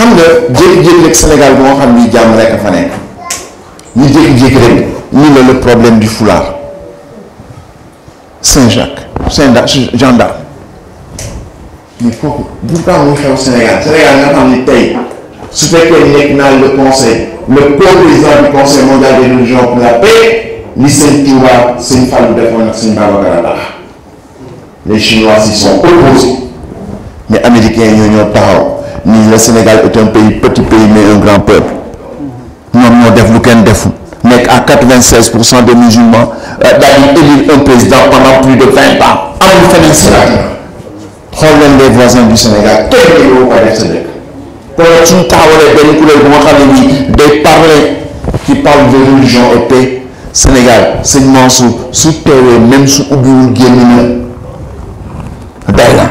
xam nga jékki-jékki rek Sénégal moo xam ni jàmm rek a fa nekk ñu jékki-jékki rek ñu la le problème du foulard Saint-Jacques Saint-Jacques gendarme mais kooku pourquoi muy xew Sénégal Sénégal nga xam ni tey su fekkee nekk naa le conseil le co-président du conseil mondial des religions pour la paix ni sëñ Touba sëñ Fallou defoon ak sëñ Babacar Ndax les Chinois s'y sont opposés mais Américains ñoo ñoo taxaw ni le Sénégal est un pays petit pays mais un grand peuple nous avons def lu kenn Mais à 96 des musulmans euh, daal di élire un président pendant plus de 20 ans amul feneen Sénégal xool les voisins du Sénégal Quel ku yow ko def Sénégal dëkk kon bu qui parle de religion et paix Sénégal c'est Mansour su même sous ubbiwul génn D'ailleurs.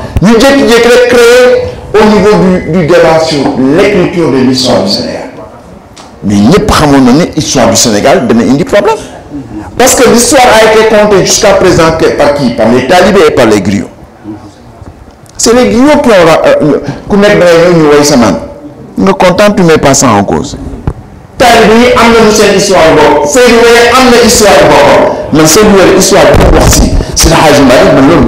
Nous avons créé au niveau du du débat sur l'écriture de l'histoire du Sénégal mais nous avons na l'histoire du Sénégal une des problèmes. parce que l'histoire a été comptée jusqu'à présent par qui par les talibés et par les griots c'est les griots qui ont ku nekk da ngay ñu woy sa nga mets en cause. talibé yi ont une histoire de seen wéy histoire Mais Mais seen c'est histoire bopp la C'est C'est la Malick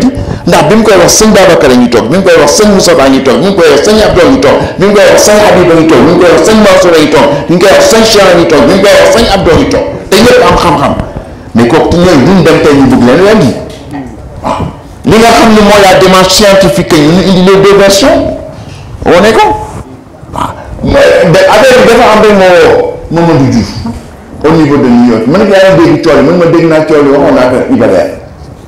du ndax bi mu koy wax sëñ Babacar a ngi toog bi mu koy wax sëñ Moustapha a ngi toog bi mu koy wax sëñ Abdou a ngi toog bi mu koy wax sëñ Habib a ngi toog bi mu koy wax sëñ Mansour a ngi toog bi mu koy wax a ngi toog bi te ñëpp am xam-xam mais kooku ñooñu duñ dem tey ñu bëgg li nga xam ne mooy la démarche scientifique mais affaire bi dafa am rek moo Mamadou Diouf au niveau de New York man dégg tool yi man ma dégg naa tool yi waxoon naa ko Ibrahima.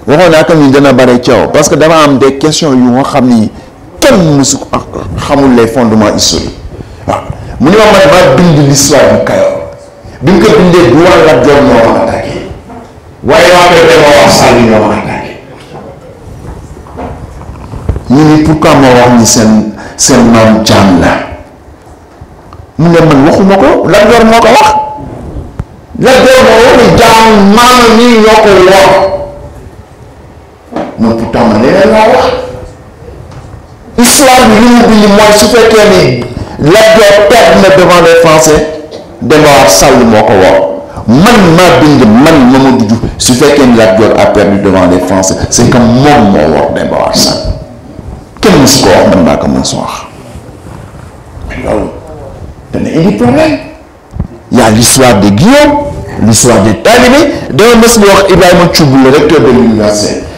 waxoon naa tamit dana bare coow parce que dama am des questions yu nga xam ni kenn musu xamul les fondements historiques waaw mu ne ma man bind l'histoire bu Kayoor bi mu ko bindee du wàll joor moo wax Sall ñoo ma attaqué ñu ni pourquoi ma wax ni seen seen maam Thiam la mu ne man waxuma ko Lat Joor moo ko wax Lat Joor moo wax ni maam mi ñoo wax. Mon putain ma leneen l'islam lui histoire bi li mu bind mooy su fekkee devant les Français Demba Sall le ko wax man ma bind man Mamadou Diouf si fekkee ni a perdu devant les Français c'est comme moom moo wax Demba Sall kenn musu ko wax man maa ko mën su wax mais y a l'histoire de Guillaume l'histoire des talibés dama mës di wax Ibrahima Thioub le recteur de l'université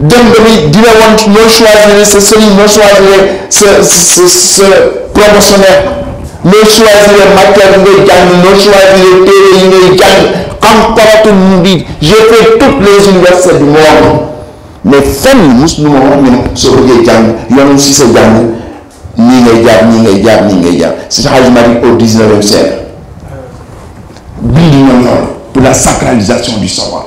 Je suis dina je choisir ce choisir ce promotionnaire Nous choisir matière yi nous choisir nous nous dit nous toutes les universités du monde mais femme, nous nous nous wax ne nous Nous pas yoonu si ni Nous nii ngay les nii Nous au 19e siècle pour la sacralisation du savoir